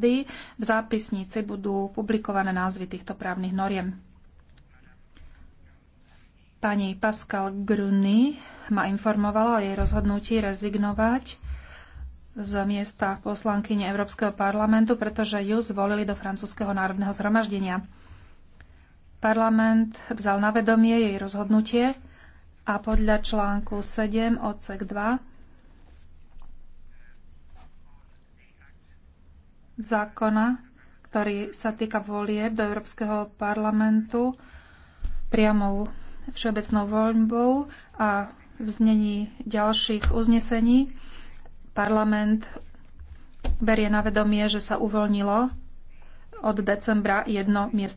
rady. V zápisnici budú publikované názvy týchto právnych noriem. Pani Pascal Gruny ma informovala o jej rozhodnutí rezignovať z miesta poslankyne Európskeho parlamentu, pretože ju zvolili do francúzského národného zhromaždenia. Parlament vzal na vedomie jej rozhodnutie a podľa článku 7 odsek 2 zákona, ktorý sa týka volieb do Európskeho parlamentu priamou všeobecnou voľbou a v znení ďalších uznesení parlament berie na vedomie, že sa uvoľnilo od decembra jedno miesto.